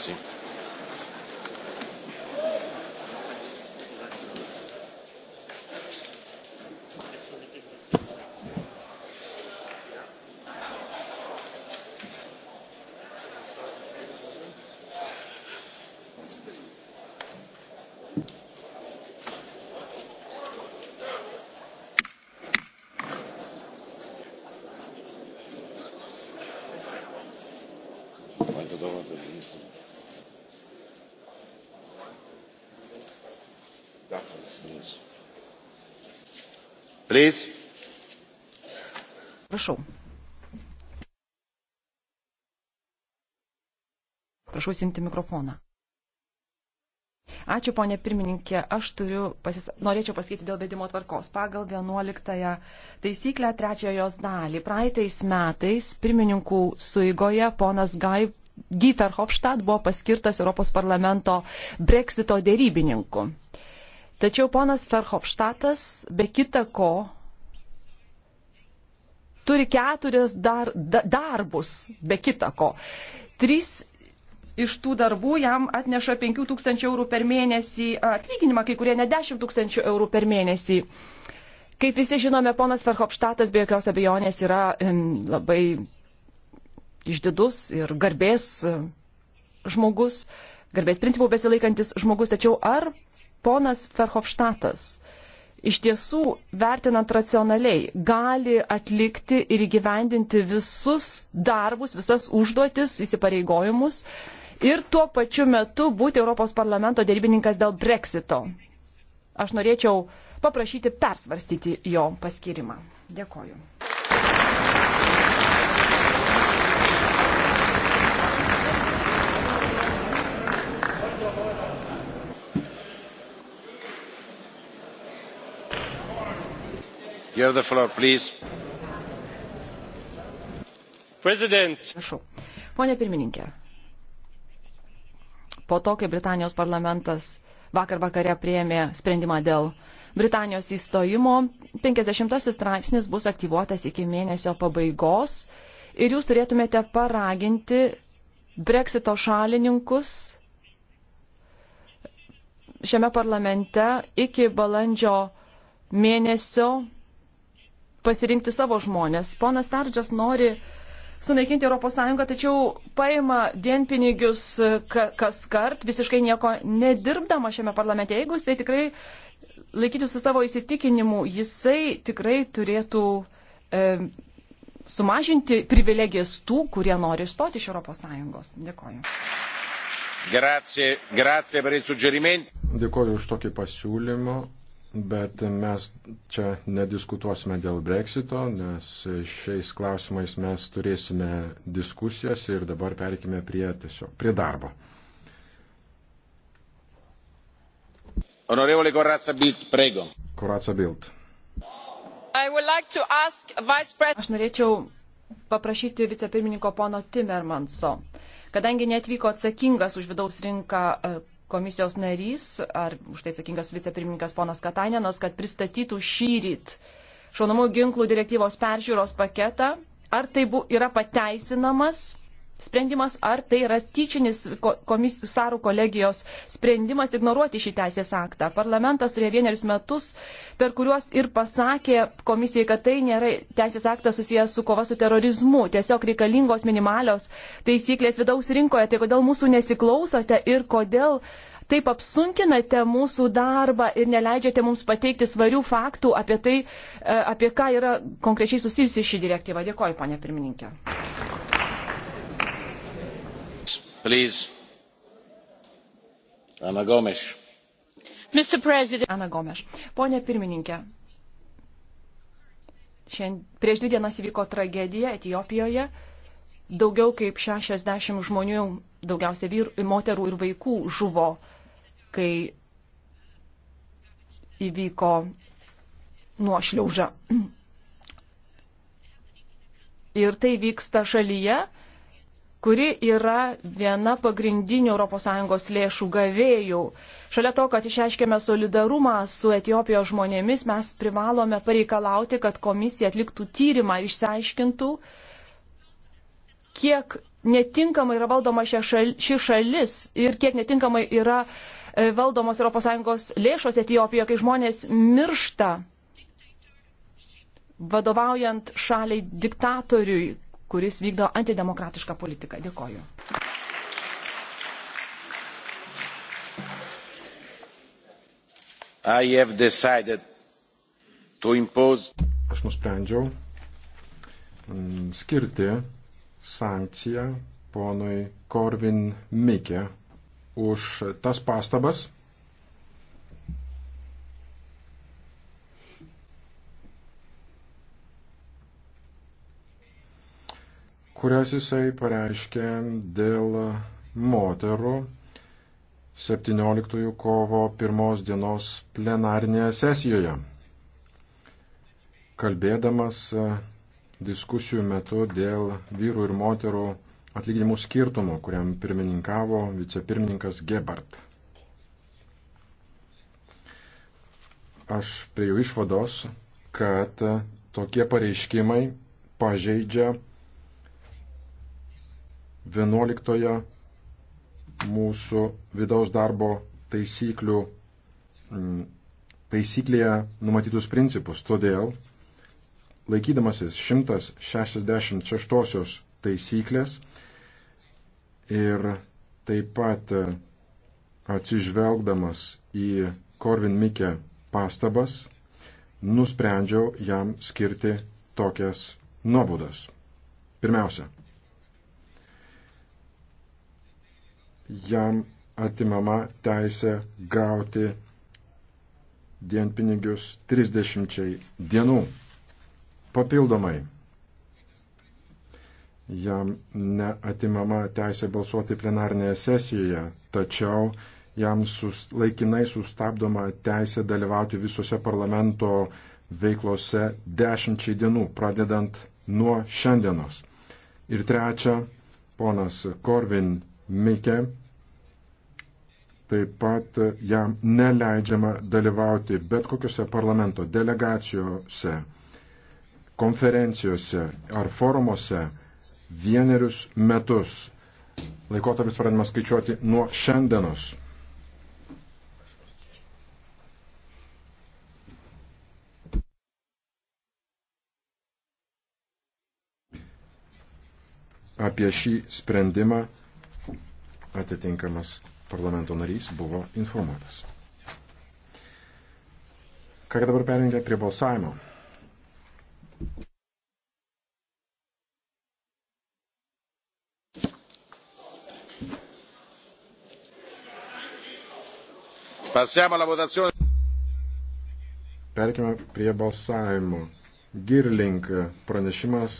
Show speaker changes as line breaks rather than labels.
Grazie.
Please. Prašau. Prašau įsinti mikrofoną. Ačiū, ponė pirmininkė. Aš turiu, pasis... norėčiau pasakyti dėl vedimo tvarkos. Pagal 11 taisyklę trečiojo jos dalį. Praeitais metais pirmininkų suigoje ponas Gai Giferhofstadt buvo paskirtas Europos parlamento breksito dėrybininku. Tačiau ponas Ferhofštatas be kita ko turi keturis dar, da, darbus be kita ko. Trys iš tų darbų jam atneša 5000 eurų per mėnesį atlyginimą, kai kurie net 10 tūkstančių eurų per mėnesį. Kaip visi žinome, ponas Verhofštatas be jokios abejonės yra labai išdidus ir garbės e, žmogus, garbės principų besilaikantis žmogus, tačiau ar ponas Ferhofštatas iš tiesų, vertinant racionaliai, gali atlikti ir įgyvendinti visus darbus, visas užduotis, įsipareigojimus ir tuo pačiu metu būti Europos parlamento dėrybininkas dėl breksito. Aš norėčiau paprašyti persvarstyti jo paskirimą. Dėkoju. Pone pirmininkė, po to, kai Britanijos parlamentas vakar vakare prieėmė sprendimą dėl Britanijos įstojimo, 50 straipsnis bus aktyvuotas iki mėnesio pabaigos ir jūs turėtumėte paraginti Brexito šalininkus šiame parlamente iki balandžio mėnesio pasirinkti savo žmonės. Ponas Tardžas nori sunaikinti ES, tačiau paima dienpinigius kas kart, visiškai nieko nedirbdama šiame parlamente. Jeigu jisai tikrai laikytųsi savo įsitikinimų, jisai tikrai turėtų e, sumažinti privilegijas tų, kurie nori išstoti iš ES. Dėkoju.
Grazie, grazie Dėkoju už tokį pasiūlymą. Bet mes čia nediskutuosime dėl breksito, nes šiais klausimais mes turėsime diskusijas ir dabar perikime prie, tiesiog, prie darbo. Honorevole Corazza Bilt, prego. Corazza Bilt.
Like Aš norėčiau paprašyti vicepirmininko pono Timmermanso, kadangi netvyko atsakingas už vidaus rinką komisijos narys ar už tai atsakingas vicepirmininkas ponas Katainenas, kad pristatytų šį ryt šaunamų ginklų direktyvos peržiūros paketą, ar tai bu, yra pateisinamas sprendimas, ar tai yra tyčinis komisarų kolegijos sprendimas ignoruoti šį teisės aktą. Parlamentas turėjo vienerius metus, per kuriuos ir pasakė komisijai, kad tai nėra teisės aktas susijęs su kova su terorizmu, tiesiog reikalingos minimalios taisyklės vidaus rinkoje. Tai kodėl mūsų nesiklausote ir kodėl taip apsunkinate mūsų darbą ir neleidžiate mums pateikti svarių faktų apie tai, e, apie ką yra konkrečiai susijusi ši direktyva. Dėkoju, ponė pirmininkė.
Please. Ana Gomes.
Ana Gomes. Pone pirmininkė, šiandien, prieš dvi dienas įvyko tragedija Etijopijoje. Daugiau kaip 60 žmonių, daugiausia vyr, moterų ir vaikų žuvo, kai įvyko nuošliauža. Ir tai vyksta šalyje, kuri yra viena pagrindinių ES lėšų gavėjų. Šalia to, kad išreiškėme solidarumą su Etijopijos žmonėmis, mes privalome pareikalauti, kad komisija atliktų tyrimą ir išsiaiškintų, kiek netinkamai yra valdoma šal, ši šalis ir kiek netinkamai yra e, valdomos ES lėšos Etijopijoje, kai žmonės miršta vadovaujant šaliai diktatoriui, kuris vykdo antidemokratišką politiką. Dėkoju.
Impose... Aš nusprendžiau mm, skirti sankciją ponui Korvin Mikė už tas pastabas, kurias jisai pareiškė dėl moterų 17 kovo 1 dienos plenarnėje sesijoje. Kalbėdamas e, diskusijų metu dėl vyrų ir moterų atlyginimų skirtumų, kuriam pirmininkavo vicepirmininkas Gebart. Aš prie jų išvados, kad tokie pareiškimai pažeidžia 11 mūsų vidaus darbo taisyklių mm, taisyklėje numatytus principus. Todėl, laikydamasis 166 taisyklės ir taip pat atsižvelgdamas į Korvin Mikę pastabas, nusprendžiau jam skirti tokias nuobodas. Pirmiausia, jam atimama teisė gauti dienpinigius 30 dienų. Papildomai jam neatimama teisė balsuoti plenarnėje sesijoje, tačiau jam sus, laikinai sustabdoma teisė dalyvauti visose parlamento veiklose dešimčiai dienų, pradedant nuo šiandienos. Ir trečia, ponas Korvin Mikė. Taip pat jam neleidžiama dalyvauti bet kokiuose parlamento delegacijose, konferencijose ar forumuose vienerius metus. Laikotarpis pradedamas skaičiuoti nuo šiandienos. Apie šį sprendimą atitinkamas parlamento narys buvo informuotas. Ką dabar perinkime prie balsavimo. Passiamo alla votazione. Perkime prie balsavimo. Girlink pranešimas